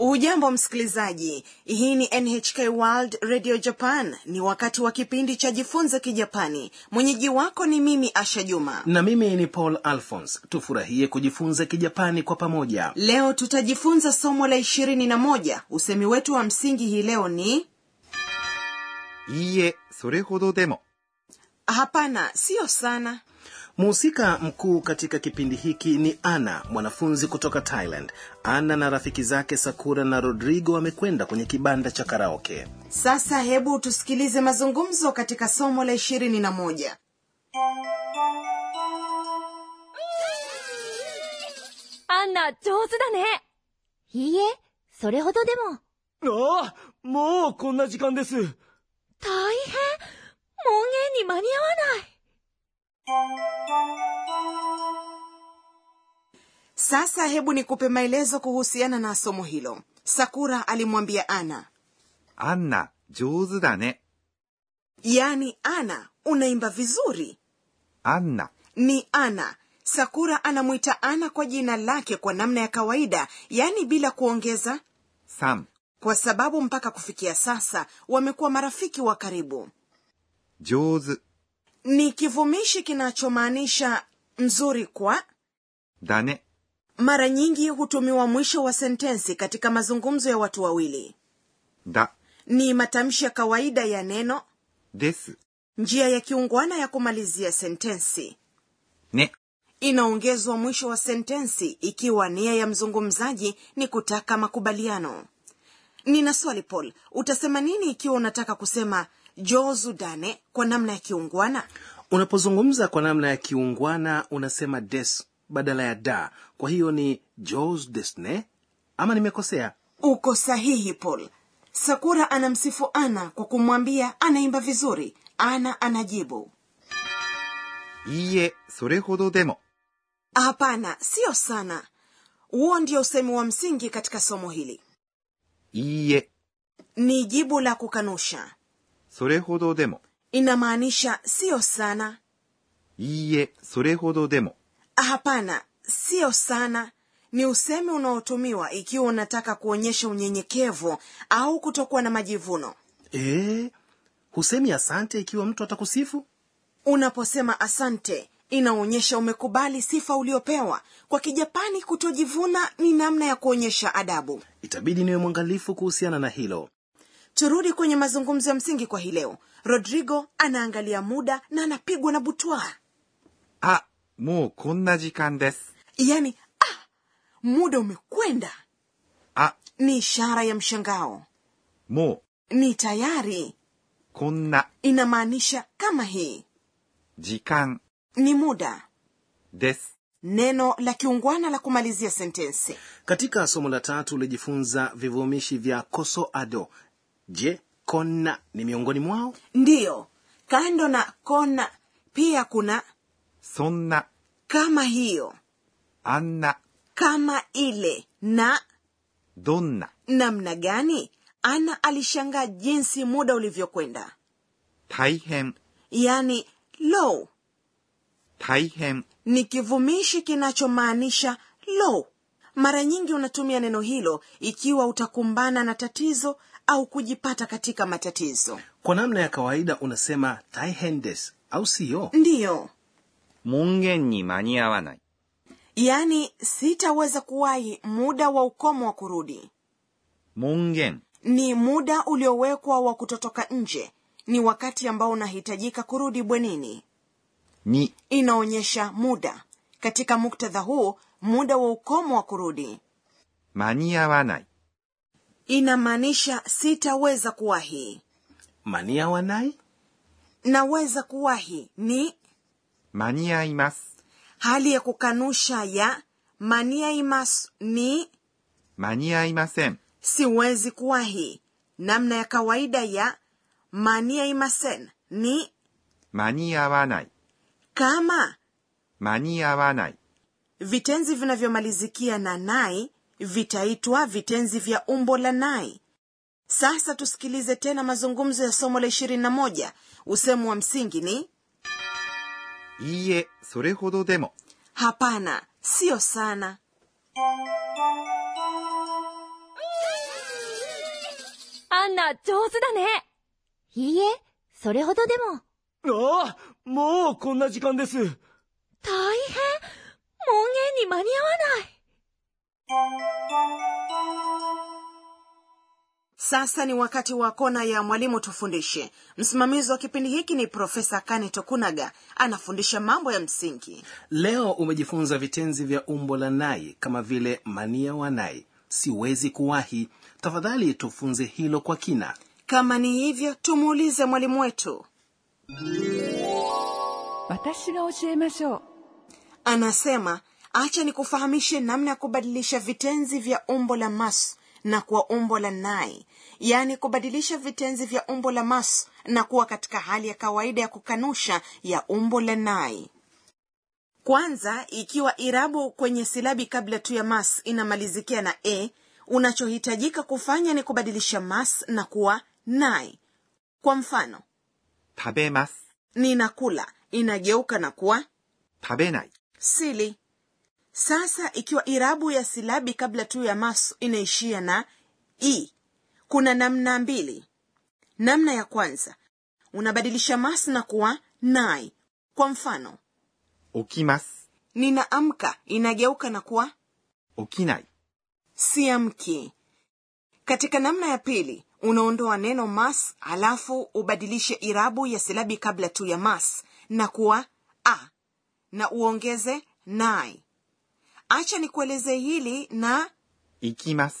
ujambo msikilizaji hii ni nhk world radio japan ni wakati wa kipindi cha jifunze kijapani mwenyeji wako ni mimi asha juma na mimi ni paul alphons tufurahie kujifunza kijapani kwa pamoja leo tutajifunza somo la ishirini na moja usemi wetu wa msingi hii leo ni iye sore hodo demo hapana siyo sana Mhusika mkuu katika kipindi hiki ni Ana, mwanafunzi kutoka Thailand. Ana na rafiki zake Sakura na Rodrigo wamekwenda kwenye kibanda cha karaoke. Sasa hebu tusikilize mazungumzo katika somo la ishirini na moja. Ana, jozu da ne. iye sore hodo demo. Ah, mou konna jikan desu. Taihen, mongen ni maniawanai sasa hebu nikupe maelezo kuhusiana na somo hilo sakura alimwambia ana ana juzu dane yani ana unaimba vizuri ana ni ana sakura anamwita ana kwa jina lake kwa namna ya kawaida yani bila kuongeza sam kwa sababu mpaka kufikia sasa wamekuwa marafiki wa karibu juzu ni kivumishi kinachomaanisha mzuri kwa dane mara nyingi hutumiwa mwisho wa sentensi katika mazungumzo ya watu wawili da ni matamshi ya kawaida ya neno desu njia ya kiungwana ya kumalizia sentensi ne inaongezwa mwisho wa sentensi ikiwa nia ya mzungumzaji ni kutaka makubaliano nina swali paul utasema nini ikiwa unataka kusema jozu dane kwa namna ya kiungwana unapozungumza kwa namna ya kiungwana unasema des badala ya da kwa hiyo ni jos desne ama nimekosea uko sahihi paul sakura anamsifu ana kwa kumwambia anaimba vizuri ana anajibu iye sore hodo demo hapana siyo sana huo ndio usemi wa msingi katika somo hili iye ni jibu la kukanusha それほどでも inamaanisha siyo sana いいえそれほどでも hapana siyo sana ni usemi unaotumiwa ikiwa unataka kuonyesha unyenyekevu au kutokuwa na majivuno e, husemi asante ikiwa mtu atakusifu unaposema asante inaonyesha umekubali sifa uliopewa kwa kijapani kutojivuna ni namna ya kuonyesha adabu itabidi niwe mwangalifu kuhusiana na hilo turudi kwenye mazungumzo ya msingi kwa hii leo rodrigo anaangalia muda na anapigwa na butwa ah, mo konna jikan des yani ah, muda umekwenda ah. ni ishara ya mshangao mo ni tayari kuna inamaanisha kama hii jikan ni muda des neno la kiungwana la kumalizia sentensi katika somo la tatu ulijifunza vivumishi vya koso ado Je, kona ni miongoni mwao? Ndiyo, kando na kona pia kuna sonna, kama hiyo, anna, kama ile, na donna. Namna gani? Ana alishangaa jinsi muda ulivyokwenda. Taihen, yani lo. Taihen ni kivumishi kinachomaanisha lo. Mara nyingi unatumia neno hilo ikiwa utakumbana na tatizo au kujipata katika matatizo kwa namna ya kawaida unasema taihendes au siyo ndiyo 門限に間に合わない yani yaani, sitaweza kuwahi muda wa ukomo wa kurudi 門限 ni muda uliowekwa wa kutotoka nje ni wakati ambao unahitajika kurudi bwenini ni inaonyesha muda katika muktadha huu muda wa ukomo wa kurudi 間に合わない inamaanisha sitaweza kuwahi mania wanai naweza kuwahi ni hali ya kukanusha ya mania imas ni siwezi kuwahi. namna ya kawaida ya ni kama wanai vitenzi vinavyomalizikia na nai vitaitwa vitenzi vya umbo la nai sasa tusikilize tena mazungumzo ya somo la 21 usemu wa msingi ni iye sore hodo demo hapana siyo sana anna jozu da ne iye sore hodo demo ああ、もうこんな時間です。大変門限に間に合わない。Ah, sasa ni wakati wa kona ya mwalimu tufundishe. Msimamizi wa kipindi hiki ni Profesa Kane Tokunaga, anafundisha mambo ya msingi. Leo umejifunza vitenzi vya umbo la nai kama vile mania wa nai, siwezi kuwahi. Tafadhali tufunze hilo kwa kina. Kama ni hivyo, tumuulize mwalimu wetu. Anasema acha nikufahamishe namna ya kubadilisha vitenzi vya umbo la mas na kuwa umbo la nai yaani kubadilisha vitenzi vya umbo la mas na kuwa katika hali ya kawaida ya kukanusha ya umbo la nai kwanza ikiwa irabu kwenye silabi kabla tu ya mas inamalizikia na e unachohitajika kufanya ni kubadilisha mas na kuwa nai kwa mfano tabemas ninakula inageuka na kuwa tabenai sili sasa ikiwa irabu ya silabi kabla tu ya mas inaishia na i, kuna namna mbili. Namna ya kwanza unabadilisha mas na kuwa nai. Kwa mfano, okimas ninaamka inageuka na kuwa ukinai siamki. Katika namna ya pili unaondoa neno mas alafu ubadilishe irabu ya silabi kabla tu ya mas na kuwa a na uongeze nai acha nikueleze hili na ikimas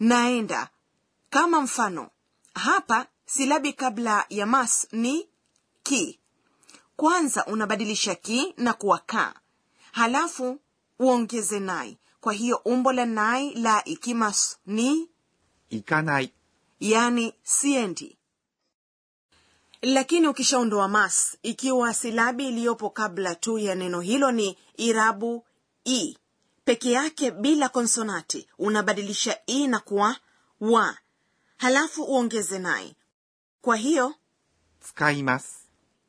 naenda kama mfano hapa silabi kabla ya mas ni ki kwanza unabadilisha ki na kuwa ka halafu uongeze nai kwa hiyo umbo la nai la ikimas ni ikanai yani siendi lakini ukishaondoa mas ikiwa silabi iliyopo kabla tu ya neno hilo ni irabu i peke yake bila konsonati unabadilisha i na kuwa wa halafu uongeze nai kwa hiyo skaimas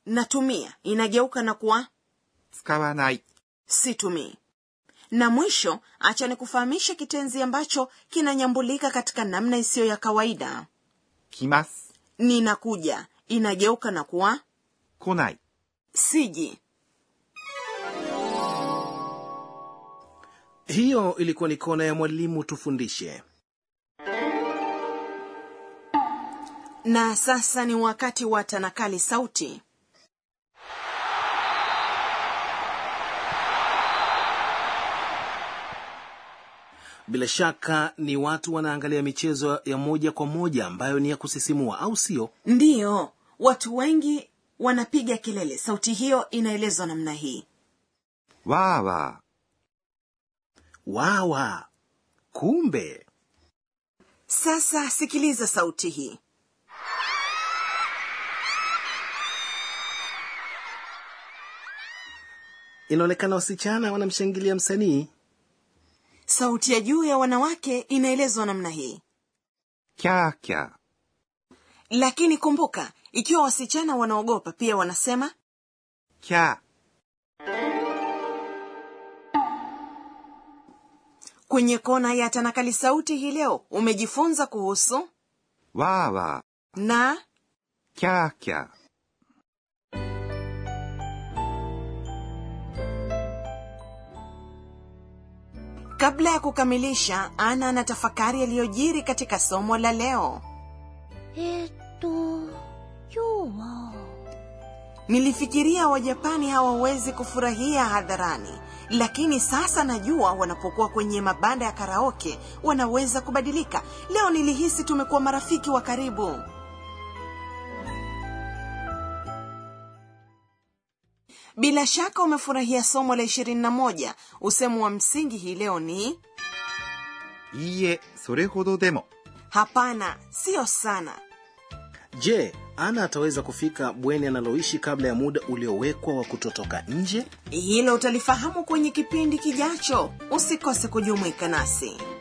natumia inageuka na kuwa skawanai situmii na mwisho acha ni kufahamisha kitenzi ambacho kinanyambulika katika namna isiyo ya kawaida kimas ninakuja inageuka na kuwa konai siji Hiyo ilikuwa ni kona ya mwalimu tufundishe. Na sasa ni wakati wa tanakali sauti. Bila shaka ni watu wanaangalia michezo ya moja kwa moja ambayo ni ya kusisimua, au sio? Ndiyo, watu wengi wanapiga kelele. Sauti hiyo inaelezwa namna hii: wawa wawa kumbe sasa sikiliza sauti hii inaonekana wasichana wanamshangilia msanii sauti ya juu ya wanawake inaelezwa namna hii kya kya lakini kumbuka ikiwa wasichana wanaogopa pia wanasema kya kwenye kona ya tanakali sauti hii leo umejifunza kuhusu wawa na kyakya kabla ya kukamilisha ana tafakari yaliyojiri katika somo la leo eto yuwa Nilifikiria Wajapani hawawezi kufurahia hadharani, lakini sasa najua wanapokuwa kwenye mabanda ya karaoke wanaweza kubadilika. Leo nilihisi tumekuwa marafiki wa karibu. Bila shaka umefurahia somo la 21. Usemu wa msingi hii leo ni iye sore hodo demo. Hapana, sio sana. Je, ana ataweza kufika bweni analoishi kabla ya muda uliowekwa wa kutotoka nje? Hilo utalifahamu kwenye kipindi kijacho. Usikose kujumuika nasi.